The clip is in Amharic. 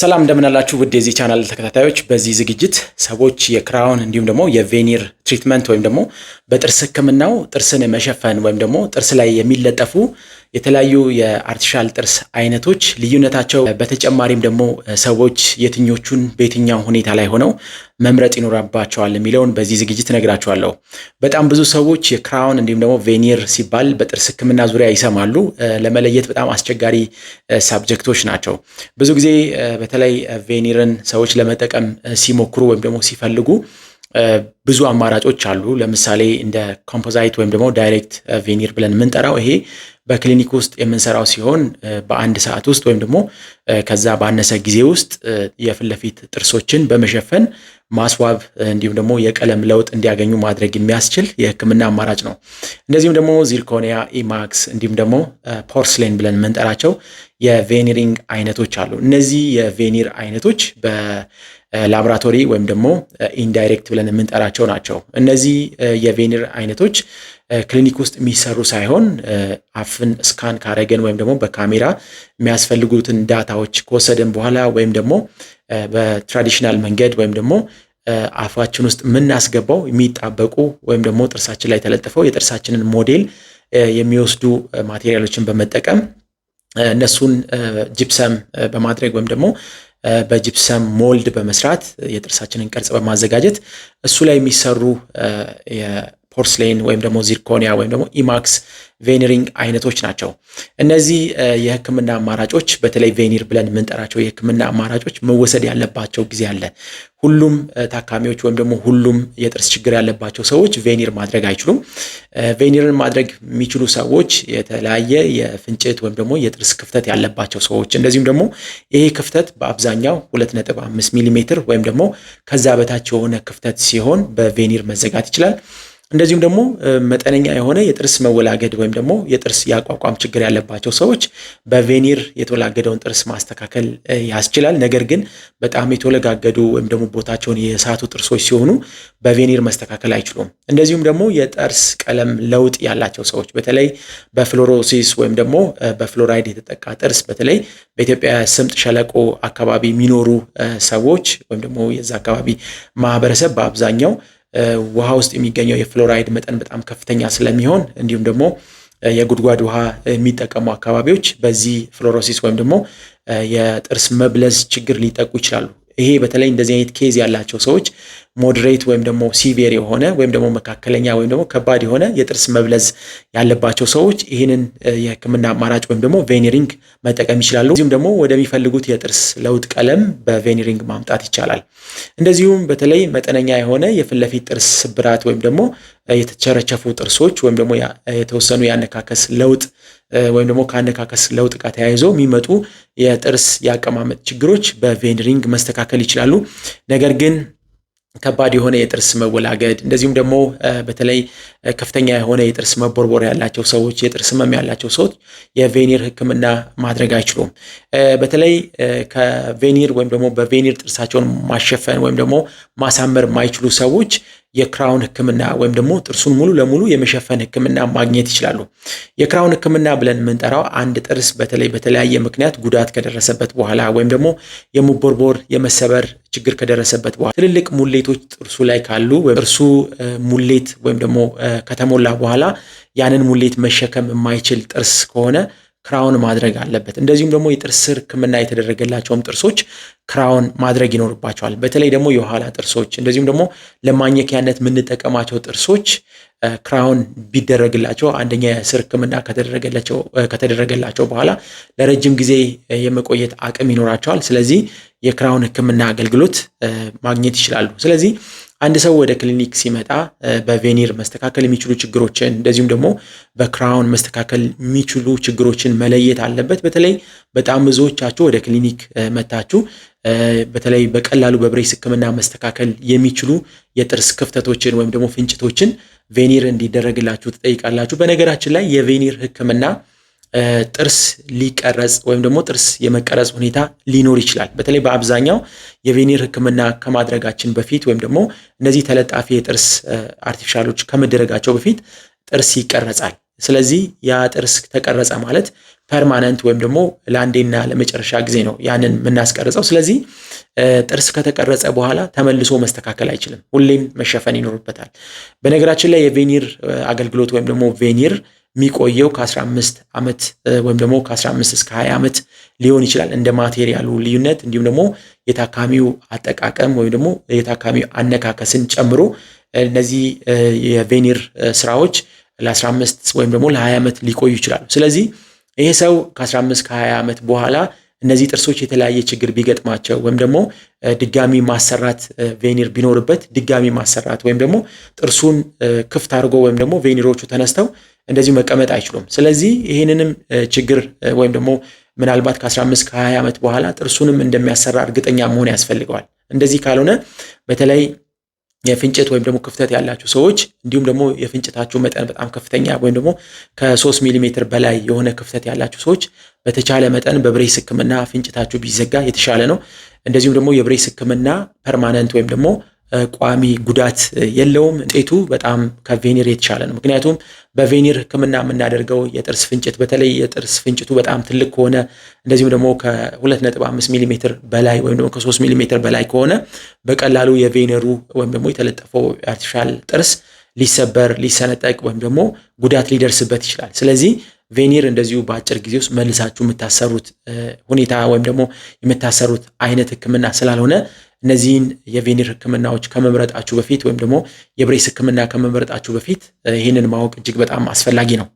ሰላም እንደምናላችሁ ውድ የዚህ ቻናል ተከታታዮች፣ በዚህ ዝግጅት ሰዎች የክራውን እንዲሁም ደግሞ የቬኒር ትሪትመንት ወይም ደግሞ በጥርስ ሕክምናው ጥርስን መሸፈን ወይም ደግሞ ጥርስ ላይ የሚለጠፉ የተለያዩ የአርቲፊሻል ጥርስ አይነቶች ልዩነታቸው፣ በተጨማሪም ደግሞ ሰዎች የትኞቹን በየትኛው ሁኔታ ላይ ሆነው መምረጥ ይኖራባቸዋል የሚለውን በዚህ ዝግጅት እነግራቸዋለሁ። በጣም ብዙ ሰዎች የክራውን እንዲሁም ደግሞ ቬኒር ሲባል በጥርስ ሕክምና ዙሪያ ይሰማሉ። ለመለየት በጣም አስቸጋሪ ሳብጀክቶች ናቸው። ብዙ ጊዜ በተለይ ቬኒርን ሰዎች ለመጠቀም ሲሞክሩ ወይም ደግሞ ሲፈልጉ ብዙ አማራጮች አሉ። ለምሳሌ እንደ ኮምፖዛይት ወይም ደግሞ ዳይሬክት ቬኒር ብለን የምንጠራው ይሄ በክሊኒክ ውስጥ የምንሰራው ሲሆን በአንድ ሰዓት ውስጥ ወይም ደግሞ ከዛ ባነሰ ጊዜ ውስጥ የፊት ለፊት ጥርሶችን በመሸፈን ማስዋብ እንዲሁም ደግሞ የቀለም ለውጥ እንዲያገኙ ማድረግ የሚያስችል የህክምና አማራጭ ነው። እንደዚሁም ደግሞ ዚርኮኒያ፣ ኢማክስ እንዲሁም ደግሞ ፖርስሌን ብለን የምንጠራቸው የቬኒሪንግ አይነቶች አሉ። እነዚህ የቬኒር አይነቶች በላቦራቶሪ ወይም ደግሞ ኢንዳይሬክት ብለን የምንጠራቸው ናቸው። እነዚህ የቬኒር አይነቶች ክሊኒክ ውስጥ የሚሰሩ ሳይሆን አፍን ስካን ካረገን ወይም ደግሞ በካሜራ የሚያስፈልጉትን ዳታዎች ከወሰደን በኋላ ወይም ደግሞ በትራዲሽናል መንገድ ወይም ደግሞ አፋችን ውስጥ የምናስገባው የሚጣበቁ ወይም ደግሞ ጥርሳችን ላይ ተለጥፈው የጥርሳችንን ሞዴል የሚወስዱ ማቴሪያሎችን በመጠቀም እነሱን ጅፕሰም በማድረግ ወይም ደግሞ በጅፕሰም ሞልድ በመስራት የጥርሳችንን ቅርጽ በማዘጋጀት እሱ ላይ የሚሰሩ ፖርስሌን ወይም ደግሞ ዚርኮኒያ ወይም ደግሞ ኢማክስ ቬኒሪንግ አይነቶች ናቸው። እነዚህ የህክምና አማራጮች በተለይ ቬኒር ብለን የምንጠራቸው የህክምና አማራጮች መወሰድ ያለባቸው ጊዜ አለ። ሁሉም ታካሚዎች ወይም ደግሞ ሁሉም የጥርስ ችግር ያለባቸው ሰዎች ቬኒር ማድረግ አይችሉም። ቬኒርን ማድረግ የሚችሉ ሰዎች የተለያየ የፍንጭት ወይም ደግሞ የጥርስ ክፍተት ያለባቸው ሰዎች፣ እንደዚሁም ደግሞ ይሄ ክፍተት በአብዛኛው 2.5 ሚሊሜትር ወይም ደግሞ ከዛ በታች የሆነ ክፍተት ሲሆን በቬኒር መዘጋት ይችላል። እንደዚሁም ደግሞ መጠነኛ የሆነ የጥርስ መወላገድ ወይም ደግሞ የጥርስ የአቋቋም ችግር ያለባቸው ሰዎች በቬኒር የተወላገደውን ጥርስ ማስተካከል ያስችላል። ነገር ግን በጣም የተወለጋገዱ ወይም ደግሞ ቦታቸውን የሳቱ ጥርሶች ሲሆኑ በቬኒር መስተካከል አይችሉም። እንደዚሁም ደግሞ የጥርስ ቀለም ለውጥ ያላቸው ሰዎች በተለይ በፍሎሮሲስ ወይም ደግሞ በፍሎራይድ የተጠቃ ጥርስ በተለይ በኢትዮጵያ ስምጥ ሸለቆ አካባቢ የሚኖሩ ሰዎች ወይም ደግሞ የዛ አካባቢ ማህበረሰብ በአብዛኛው ውሃ ውስጥ የሚገኘው የፍሎራይድ መጠን በጣም ከፍተኛ ስለሚሆን እንዲሁም ደግሞ የጉድጓድ ውሃ የሚጠቀሙ አካባቢዎች በዚህ ፍሎሮሲስ ወይም ደግሞ የጥርስ መብለዝ ችግር ሊጠቁ ይችላሉ። ይሄ በተለይ እንደዚህ አይነት ኬዝ ያላቸው ሰዎች ሞድሬት ወይም ደግሞ ሲቪር የሆነ ወይም ደግሞ መካከለኛ ወይም ደግሞ ከባድ የሆነ የጥርስ መብለዝ ያለባቸው ሰዎች ይህንን የህክምና አማራጭ ወይም ደግሞ ቬኒሪንግ መጠቀም ይችላሉ። እዚሁም ደግሞ ወደሚፈልጉት የጥርስ ለውጥ ቀለም በቬኒሪንግ ማምጣት ይቻላል። እንደዚሁም በተለይ መጠነኛ የሆነ የፊትለፊት ጥርስ ስብራት ወይም ደግሞ የተቸረቸፉ ጥርሶች ወይም ደግሞ የተወሰኑ የአነካከስ ለውጥ ወይም ደግሞ ከአነካከስ ለውጥ ጋር ተያይዞ የሚመጡ የጥርስ የአቀማመጥ ችግሮች በቬኒሪንግ መስተካከል ይችላሉ ነገር ግን ከባድ የሆነ የጥርስ መወላገድ እንደዚሁም ደግሞ በተለይ ከፍተኛ የሆነ የጥርስ መቦርቦር ያላቸው ሰዎች የጥርስ ህመም ያላቸው ሰዎች የቬኒር ሕክምና ማድረግ አይችሉም። በተለይ ከቬኒር ወይም ደግሞ በቬኒር ጥርሳቸውን ማሸፈን ወይም ደግሞ ማሳመር የማይችሉ ሰዎች የክራውን ህክምና ወይም ደግሞ ጥርሱን ሙሉ ለሙሉ የመሸፈን ህክምና ማግኘት ይችላሉ። የክራውን ህክምና ብለን የምንጠራው አንድ ጥርስ በተለይ በተለያየ ምክንያት ጉዳት ከደረሰበት በኋላ ወይም ደግሞ የመቦርቦር የመሰበር ችግር ከደረሰበት በኋላ ትልልቅ ሙሌቶች ጥርሱ ላይ ካሉ ጥርሱ ሙሌት ወይም ደግሞ ከተሞላ በኋላ ያንን ሙሌት መሸከም የማይችል ጥርስ ከሆነ ክራውን ማድረግ አለበት። እንደዚሁም ደግሞ የጥርስ ስር ሕክምና የተደረገላቸውም ጥርሶች ክራውን ማድረግ ይኖርባቸዋል። በተለይ ደግሞ የኋላ ጥርሶች እንደዚሁም ደግሞ ለማኘኪያነት የምንጠቀማቸው ጥርሶች ክራውን ቢደረግላቸው አንደኛ የስር ሕክምና ከተደረገላቸው በኋላ ለረጅም ጊዜ የመቆየት አቅም ይኖራቸዋል። ስለዚህ የክራውን ሕክምና አገልግሎት ማግኘት ይችላሉ። ስለዚህ አንድ ሰው ወደ ክሊኒክ ሲመጣ በቬኒር መስተካከል የሚችሉ ችግሮችን እንደዚሁም ደግሞ በክራውን መስተካከል የሚችሉ ችግሮችን መለየት አለበት። በተለይ በጣም ብዙዎቻችሁ ወደ ክሊኒክ መታችሁ በተለይ በቀላሉ በብሬስ ሕክምና መስተካከል የሚችሉ የጥርስ ክፍተቶችን ወይም ደግሞ ፍንጭቶችን ቬኒር እንዲደረግላችሁ ትጠይቃላችሁ። በነገራችን ላይ የቬኒር ሕክምና ጥርስ ሊቀረጽ ወይም ደግሞ ጥርስ የመቀረጽ ሁኔታ ሊኖር ይችላል። በተለይ በአብዛኛው የቬኒር ሕክምና ከማድረጋችን በፊት ወይም ደግሞ እነዚህ ተለጣፊ የጥርስ አርቲፊሻሎች ከመደረጋቸው በፊት ጥርስ ይቀረጻል። ስለዚህ ያ ጥርስ ተቀረጸ ማለት ፐርማነንት ወይም ደግሞ ለአንዴና ለመጨረሻ ጊዜ ነው ያንን የምናስቀርጸው። ስለዚህ ጥርስ ከተቀረጸ በኋላ ተመልሶ መስተካከል አይችልም፣ ሁሌም መሸፈን ይኖርበታል። በነገራችን ላይ የቬኒር አገልግሎት ወይም ደግሞ ቬኒር የሚቆየው ከ15 ዓመት ወይም ደግሞ ከ15 እስከ 20 ዓመት ሊሆን ይችላል እንደ ማቴሪያሉ ልዩነት እንዲሁም ደግሞ የታካሚው አጠቃቀም ወይም ደግሞ የታካሚው አነካከስን ጨምሮ እነዚህ የቬኒር ስራዎች ለ15 ወይም ደግሞ ለ20 ዓመት ሊቆዩ ይችላሉ። ስለዚህ ይሄ ሰው ከ15 ከ20 ዓመት በኋላ እነዚህ ጥርሶች የተለያየ ችግር ቢገጥማቸው ወይም ደግሞ ድጋሚ ማሰራት ቬኒር ቢኖርበት ድጋሚ ማሰራት ወይም ደግሞ ጥርሱን ክፍት አድርጎ ወይም ደግሞ ቬኒሮቹ ተነስተው እንደዚሁ መቀመጥ አይችሉም። ስለዚህ ይህንንም ችግር ወይም ደግሞ ምናልባት ከ15 ከ20 ዓመት በኋላ ጥርሱንም እንደሚያሰራ እርግጠኛ መሆን ያስፈልገዋል። እንደዚህ ካልሆነ በተለይ የፍንጭት ወይም ደግሞ ክፍተት ያላችሁ ሰዎች እንዲሁም ደግሞ የፍንጭታችሁ መጠን በጣም ከፍተኛ ወይም ደግሞ ከ3 ሚሊሜትር በላይ የሆነ ክፍተት ያላችሁ ሰዎች በተቻለ መጠን በብሬስ ሕክምና ፍንጭታችሁ ቢዘጋ የተሻለ ነው። እንደዚሁም ደግሞ የብሬስ ሕክምና ፐርማነንት ወይም ደግሞ ቋሚ ጉዳት የለውም። ጤቱ በጣም ከቬኒር የተሻለ ነው። ምክንያቱም በቬኒር ሕክምና የምናደርገው የጥርስ ፍንጭት በተለይ የጥርስ ፍንጭቱ በጣም ትልቅ ከሆነ እንደዚሁም ደግሞ ከ2.5 ሚሜ በላይ ወይም ደግሞ ከ3 ሚሜ በላይ ከሆነ በቀላሉ የቬኒሩ ወይም ደግሞ የተለጠፈው አርቲፊሻል ጥርስ ሊሰበር፣ ሊሰነጠቅ ወይም ደግሞ ጉዳት ሊደርስበት ይችላል። ስለዚህ ቬኒር እንደዚሁ በአጭር ጊዜ ውስጥ መልሳችሁ የምታሰሩት ሁኔታ ወይም ደግሞ የምታሰሩት አይነት ሕክምና ስላልሆነ እነዚህን የቬኒር ህክምናዎች ከመምረጣችሁ በፊት ወይም ደግሞ የብሬስ ህክምና ከመምረጣችሁ በፊት ይህንን ማወቅ እጅግ በጣም አስፈላጊ ነው።